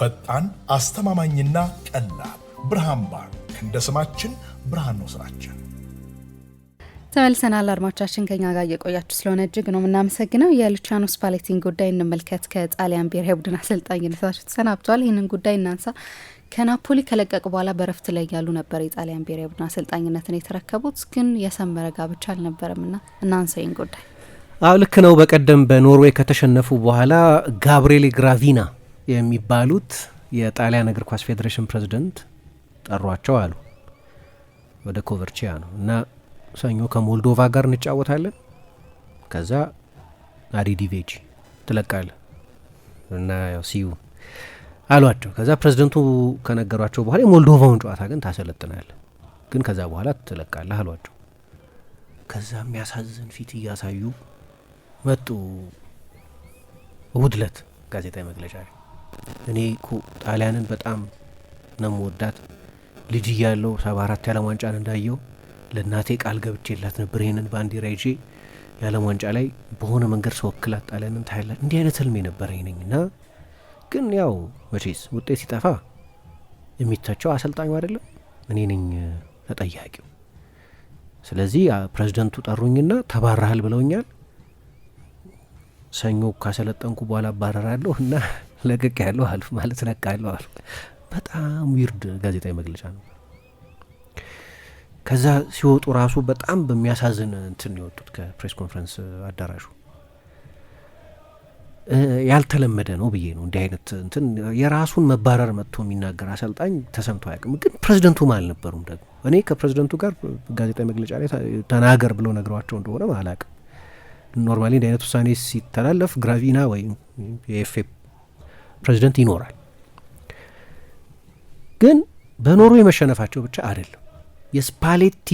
ፈጣን፣ አስተማማኝና ቀላል ብርሃን ባንክ። እንደ ስማችን ብርሃን ነው ስራችን። ተመልሰናል። አድማጮቻችን ከኛ ጋር እየቆያችሁ ስለሆነ እጅግ ነው የምናመሰግነው። የሉቺያኖ ስፓሌቲን ጉዳይ እንመልከት። ከጣሊያን ብሔራዊ ቡድን አሰልጣኝነታቸው ተሰናብተዋል። ይህንን ጉዳይ እናንሳ። ከናፖሊ ከለቀቁ በኋላ በረፍት ላይ ያሉ ነበር። የጣሊያን ብሔራዊ ቡድን አሰልጣኝነትን የተረከቡት ግን የሰመረ ጋብቻ አልነበረም ና እናንሳ ይህን ጉዳይ። አዎ ልክ ነው። በቀደም በኖርዌይ ከተሸነፉ በኋላ ጋብሪኤል ግራቪና የሚባሉት የጣሊያን እግር ኳስ ፌዴሬሽን ፕሬዚደንት ጠሯቸው አሉ። ወደ ኮቨርቺያ ነው እና ሰኞ ከሞልዶቫ ጋር እንጫወታለን፣ ከዛ አሪዲቬጂ ትለቃለ እና ያው ሲዩ አሏቸው። ከዛ ፕሬዚደንቱ ከነገሯቸው በኋላ የሞልዶቫውን ጨዋታ ግን ታሰለጥናለ፣ ግን ከዛ በኋላ ትለቃለህ አሏቸው። ከዛ የሚያሳዝን ፊት እያሳዩ መጡ። ውድለት ጋዜጣዊ መግለጫ እኔ እኮ ጣሊያንን በጣም ነው መወዳት። ልጅ እያለሁ ሰባ አራት የዓለም ዋንጫን እንዳየው ለእናቴ ቃል ገብቼላት ነበር ይህንን ባንዲራ ይዤ የዓለም ዋንጫ ላይ በሆነ መንገድ ስወክላት ጣሊያንን ታያላት። እንዲህ አይነት ህልሜ ነበረኝ ይነኝ እና ግን ያው መቼስ ውጤት ሲጠፋ የሚታቸው አሰልጣኙ አይደለም እኔ ነኝ ተጠያቂው። ስለዚህ ፕሬዚደንቱ ጠሩኝና ተባረሃል ብለውኛል። ሰኞ ካሰለጠንኩ በኋላ አባረራለሁ እና ለቀቅ ያለ አሉ ማለት ለቃ ያለ አሉ። በጣም ዊርድ ጋዜጣዊ መግለጫ ነው። ከዛ ሲወጡ ራሱ በጣም በሚያሳዝን እንትን የወጡት ከፕሬስ ኮንፈረንስ አዳራሹ ያልተለመደ ነው ብዬ ነው። እንዲህ አይነት እንትን የራሱን መባረር መጥቶ የሚናገር አሰልጣኝ ተሰምቶ አያውቅም። ግን ፕሬዚደንቱም አልነበሩም ደግሞ እኔ ከፕሬዚደንቱ ጋር ጋዜጣዊ መግለጫ ላይ ተናገር ብለው ነግሯቸው እንደሆነ አላውቅም። ኖርማሊ እንዲህ አይነት ውሳኔ ሲተላለፍ ግራቪና ወይም የኤፍ ኤ ፕሬዚደንት ይኖራል። ግን በኖርዌይ መሸነፋቸው ብቻ አይደለም። የስፓሌቲ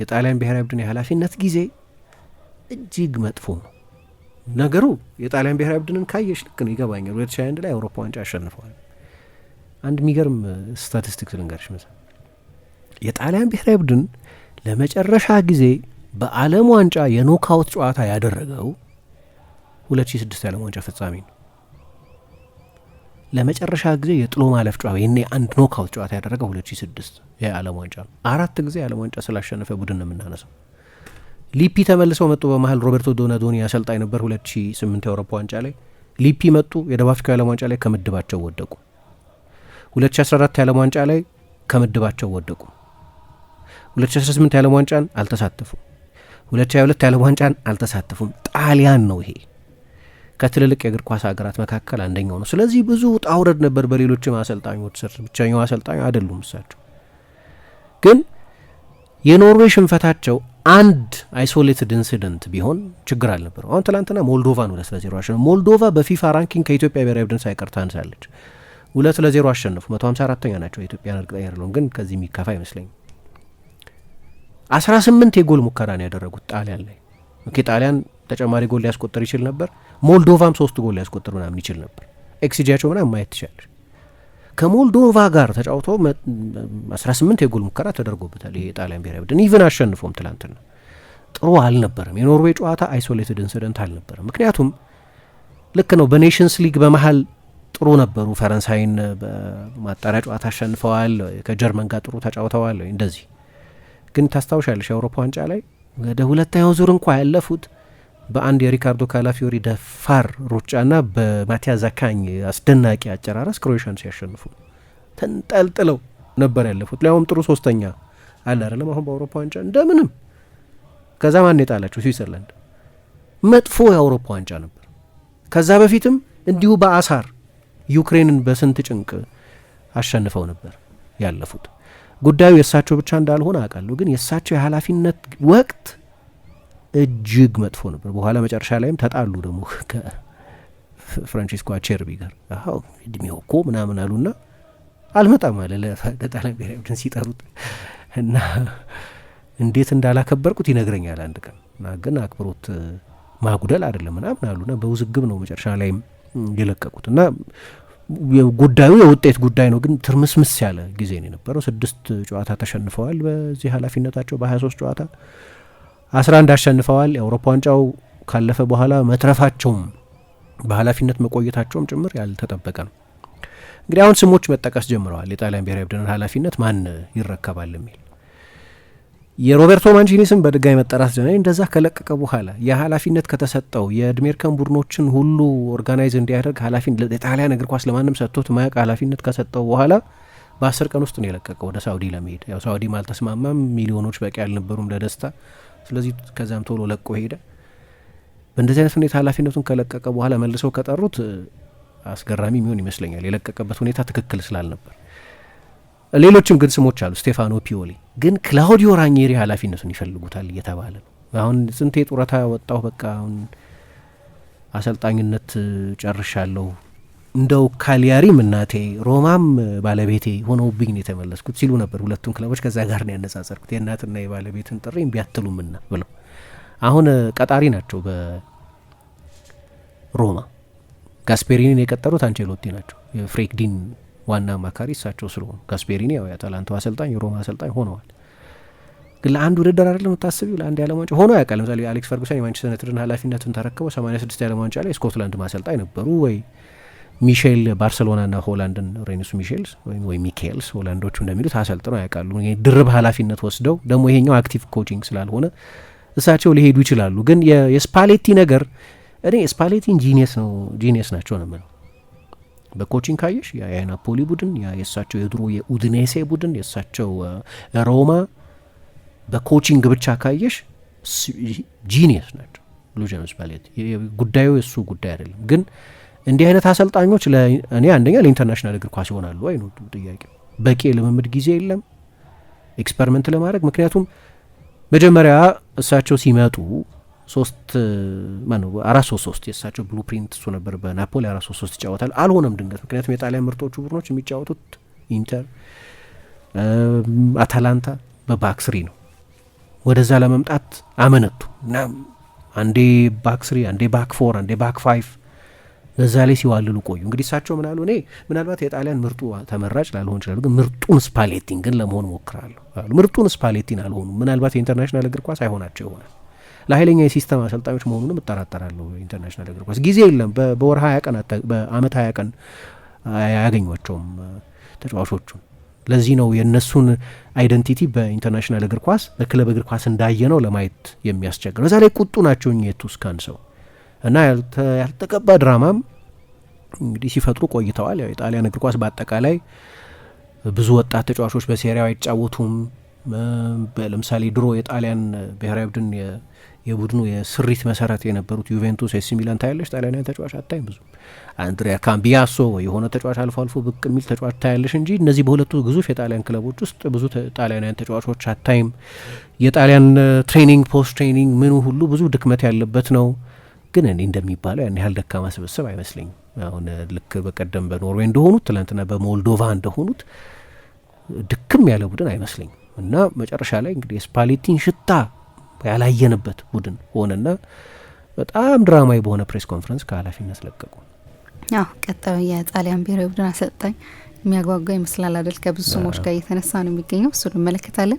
የጣሊያን ብሔራዊ ቡድን የኃላፊነት ጊዜ እጅግ መጥፎ ነው። ነገሩ የጣሊያን ብሔራዊ ቡድንን ካየሽ ልክ ነው፣ ይገባኛል። ሁለት ሺህ ላይ አውሮፓ ዋንጫ አሸንፈዋል። አንድ የሚገርም ስታቲስቲክስ ልንገርሽ መሳ የጣሊያን ብሔራዊ ቡድን ለመጨረሻ ጊዜ በዓለም ዋንጫ የኖካውት ጨዋታ ያደረገው 2006 የዓለም ዋንጫ ፍጻሜ ነው። ለመጨረሻ ጊዜ የጥሎ ማለፍ ጨዋታ ይኔ አንድ ኖካውት ጨዋታ ያደረገ 2006 የዓለም ዋንጫ ነው። አራት ጊዜ የዓለም ዋንጫ ስላሸነፈ ቡድን ነው የምናነሳው። ሊፒ ተመልሰው መጡ። በመሀል ሮቤርቶ ዶናዶኒ አሰልጣኝ ነበር። 2008 የአውሮፓ ዋንጫ ላይ ሊፒ መጡ። የደቡብ አፍሪካ የዓለም ዋንጫ ላይ ከምድባቸው ወደቁ። 2014 የዓለም ዋንጫ ላይ ከምድባቸው ወደቁ። 2018 የዓለም ዋንጫን አልተሳተፉም። 2022 የዓለም ዋንጫን አልተሳተፉም። ጣሊያን ነው ይሄ ከትልልቅ የእግር ኳስ ሀገራት መካከል አንደኛው ነው። ስለዚህ ብዙ ውጣ ውረድ ነበር በሌሎችም አሰልጣኞች ስር። ብቸኛው አሰልጣኝ አይደሉም እሳቸው። ግን የኖርዌይ ሽንፈታቸው አንድ አይሶሌትድ ኢንሲደንት ቢሆን ችግር አልነበረው። አሁን ትላንትና ሞልዶቫን ሁለት ለዜሮ አሸነፉ። ሞልዶቫ በፊፋ ራንኪንግ ከኢትዮጵያ ብሔራዊ ቡድን ሳይቀር ታንሳለች። ሁለት ለዜሮ አሸነፉ። መቶ ሀምሳ አራተኛ ናቸው። የኢትዮጵያን እርግጠኛ አይደለሁም፣ ግን ከዚህ የሚከፋ አይመስለኝም። አስራ ስምንት የጎል ሙከራ ነው ያደረጉት ጣሊያን ላይ ኦኬ ጣሊያን ተጨማሪ ጎል ሊያስቆጥር ይችል ነበር። ሞልዶቫም ሶስት ጎል ሊያስቆጥር ምናምን ይችል ነበር። ኤክስጂያቸው ምናምን ማየት ትችላለች። ከሞልዶቫ ጋር ተጫውቶ 18 የጎል ሙከራ ተደርጎበታል። ይሄ የጣሊያን ብሔራዊ ቡድን ኢቨን አሸንፎም ትላንትና ጥሩ አልነበረም። የኖርዌይ ጨዋታ አይሶሌትድ ኢንስደንት አልነበረም። ምክንያቱም ልክ ነው በኔሽንስ ሊግ በመሀል ጥሩ ነበሩ። ፈረንሳይን በማጣሪያ ጨዋታ አሸንፈዋል። ከጀርመን ጋር ጥሩ ተጫውተዋል። እንደዚህ ግን ታስታውሻለሽ የአውሮፓ ዋንጫ ላይ ወደ ሁለተኛው ዙር እንኳ ያለፉት በአንድ የሪካርዶ ካላፊዮሪ ደፋር ሩጫና በማቲያ ዛካኝ አስደናቂ አጨራረስ ክሮኤሽያን ሲያሸንፉ ተንጠልጥለው ነበር ያለፉት። ሊያውም ጥሩ ሶስተኛ አለ አይደለም። አሁን በአውሮፓ ዋንጫ እንደምንም ከዛ ማን የጣላቸው ስዊዘርላንድ መጥፎ የአውሮፓ ዋንጫ ነበር። ከዛ በፊትም እንዲሁ በአሳር ዩክሬንን በስንት ጭንቅ አሸንፈው ነበር ያለፉት። ጉዳዩ የእሳቸው ብቻ እንዳልሆነ አውቃለሁ፣ ግን የእሳቸው የኃላፊነት ወቅት እጅግ መጥፎ ነበር። በኋላ መጨረሻ ላይም ተጣሉ ደግሞ ከፍራንቺስኮ አቼርቢ ጋር ው እድሜው እኮ ምናምን አሉና አልመጣም አለ ለጣሊያን ብሔራዊ ቡድን ሲጠሩት እና እንዴት እንዳላከበርኩት ይነግረኛል አንድ ቀን ግን አክብሮት ማጉደል አይደለም ምናምን አሉና በውዝግብ ነው መጨረሻ ላይም የለቀቁት እና ጉዳዩ የውጤት ጉዳይ ነው። ግን ትርምስምስ ያለ ጊዜ ነው የነበረው። ስድስት ጨዋታ ተሸንፈዋል በዚህ ኃላፊነታቸው በ23 ጨዋታ አንድ አሸንፈዋል። የአውሮፓ ዋንጫው ካለፈ በኋላ መትረፋቸውም በኃላፊነት መቆየታቸውም ጭምር ያልተጠበቀ ነው። እንግዲህ አሁን ስሞች መጠቀስ ጀምረዋል። የጣሊያን ብሔራዊ ቡድንን ኃላፊነት ማን ይረከባል የሚል የሮቤርቶ ማንቺኒ ስም በድጋሚ መጠራት ጀመረ። እንደዛ ከለቀቀ በኋላ የኃላፊነት ከተሰጠው የድሜርከን ቡድኖችን ሁሉ ኦርጋናይዝ እንዲያደርግ ኃላፊ የጣሊያን እግር ኳስ ለማንም ሰጥቶት ማያውቅ ኃላፊነት ከሰጠው በኋላ በአስር ቀን ውስጥ ነው የለቀቀው ወደ ሳውዲ ለመሄድ ያው ሳኡዲ አልተስማማም። ሚሊዮኖች በቂ አልነበሩም ለደስታ ስለዚህ ከዚያም ቶሎ ለቆ ሄደ። በእንደዚህ አይነት ሁኔታ ኃላፊነቱን ከለቀቀ በኋላ መልሰው ከጠሩት አስገራሚ የሚሆን ይመስለኛል። የለቀቀበት ሁኔታ ትክክል ስላልነበር። ሌሎችም ግን ስሞች አሉ። ስቴፋኖ ፒዮሊ ግን ክላውዲዮ ራኒሪ ኃላፊነቱን ይፈልጉታል እየተባለ ነው። አሁን ስንቴ ጡረታ ወጣሁ፣ በቃ አሁን አሰልጣኝነት ጨርሻለሁ እንደው ካሊያሪም እናቴ ሮማም ባለቤቴ ሆነውብኝ ነው የተመለስኩት ሲሉ ነበር። ሁለቱን ክለቦች ከዛ ጋር ነው ያነጻጸርኩት። የእናትና የባለቤትን ጥሪ ቢያትሉምና ብለው አሁን ቀጣሪ ናቸው በሮማ ጋስፔሪኒን የቀጠሩት አንቸሎቲ ናቸው። የፍሬክዲን ዋና አማካሪ እሳቸው ስለሆኑ ጋስፔሪኒ ያው የአታላንታው አሰልጣኝ የሮማ አሰልጣኝ ሆነዋል። ግን ለአንድ ውድድር አይደለም የምታስቢው፣ ለአንድ የዓለም ዋንጫ ሆኖ ያውቃል። ለምሳሌ አሌክስ ፈርጉሰን የማንቸስተር ዩናይትድን ኃላፊነቱን ተረክበው 86 የዓለም ዋንጫ ላይ ስኮትላንድ ማሰልጣኝ ነበሩ ወይ ሚሼል ባርሰሎናና ሆላንድን ሬኒሱ ሚሼልስ ወይም ሚካኤልስ ሆላንዶቹ እንደሚሉት አሰልጥነው ያውቃሉ። ድርብ ኃላፊነት ወስደው ደግሞ ይሄኛው አክቲቭ ኮቺንግ ስላልሆነ እሳቸው ሊሄዱ ይችላሉ። ግን የስፓሌቲ ነገር እኔ ስፓሌቲን ጂኒየስ ነው ጂኒየስ ናቸው ነው የምለው። በኮቺንግ ካየሽ የናፖሊ ቡድን የእሳቸው የድሮ የኡድኔሴ ቡድን የእሳቸው ሮማ በኮቺንግ ብቻ ካየሽ ጂኒየስ ናቸው ሉጃኖ ስፓሌቲ። ጉዳዩ የእሱ ጉዳይ አይደለም ግን እንዲህ አይነት አሰልጣኞች እኔ አንደኛ ለኢንተርናሽናል እግር ኳስ ይሆናሉ ወይ ነው ጥያቄው። በቂ የልምምድ ጊዜ የለም ኤክስፐሪመንት ለማድረግ ምክንያቱም መጀመሪያ እሳቸው ሲመጡ ሶስት ማነው አራት ሶስት ሶስት የእሳቸው ብሉፕሪንት እሱ ነበር። በናፖሊ አራት ሶስት ሶስት ይጫወታል አልሆነም ድንገት። ምክንያቱም የጣሊያን ምርጦቹ ቡድኖች የሚጫወቱት ኢንተር፣ አታላንታ በባክስሪ ነው። ወደዛ ለመምጣት አመነቱ እና አንዴ ባክስሪ፣ አንዴ ባክ ፎር፣ አንዴ ባክ ፋይቭ በዛ ላይ ሲዋልሉ ቆዩ። እንግዲህ እሳቸው ምናሉ እኔ ምናልባት የጣሊያን ምርጡ ተመራጭ ላልሆን ይችላሉ፣ ግን ምርጡን ስፓሌቲን ግን ለመሆን ሞክራለሁ አሉ። ምርጡን ስፓሌቲን አልሆኑ ምናልባት የኢንተርናሽናል እግር ኳስ አይሆናቸው ይሆናል። ለኃይለኛ የሲስተም አሰልጣኞች መሆኑንም እጠራጠራለሁ። ኢንተርናሽናል እግር ኳስ ጊዜ የለም። በወር ሀያ ቀን በአመት ሀያ ቀን አያገኟቸውም ተጫዋቾቹን። ለዚህ ነው የእነሱን አይደንቲቲ በኢንተርናሽናል እግር ኳስ በክለብ እግር ኳስ እንዳየ ነው ለማየት የሚያስቸግር። በዛ ላይ ቁጡ ናቸው እኚህ የቱስካን ሰው እና ያልተቀባ ድራማም እንግዲህ ሲፈጥሩ ቆይተዋል። ያው የጣሊያን እግር ኳስ በአጠቃላይ ብዙ ወጣት ተጫዋቾች በሴሪያው አይጫወቱም። ለምሳሌ ድሮ የጣሊያን ብሔራዊ ቡድን የቡድኑ የስሪት መሰረት የነበሩት ዩቬንቱስ፣ ኤሲ ሚላን ታያለሽ። ጣሊያናዊ ተጫዋች አታይም ብዙ። አንድሪያ ካምቢያሶ የሆነ ተጫዋች አልፎ አልፎ ብቅ የሚል ተጫዋች ታያለሽ እንጂ እነዚህ በሁለቱ ግዙፍ የጣሊያን ክለቦች ውስጥ ብዙ ጣሊያናውያን ተጫዋቾች አታይም። የጣሊያን ትሬኒንግ ፖስት ትሬኒንግ ምኑ ሁሉ ብዙ ድክመት ያለበት ነው። ግን እኔ እንደሚባለው ያን ያህል ደካማ ስብስብ አይመስለኝም። አሁን ልክ በቀደም በኖርዌይ እንደሆኑት ትላንትና በሞልዶቫ እንደሆኑት ድክም ያለ ቡድን አይመስለኝም እና መጨረሻ ላይ እንግዲህ የስፓሌቲን ሽታ ያላየንበት ቡድን ሆነና በጣም ድራማዊ በሆነ ፕሬስ ኮንፈረንስ ከኃላፊነት ለቀቁ። አዎ ቀጣዩ የጣሊያን ብሔራዊ ቡድን አሰልጣኝ የሚያጓጓ ይመስላል አደል? ከብዙ ስሞች ጋር እየተነሳ ነው የሚገኘው። እሱ እንመለከታለን።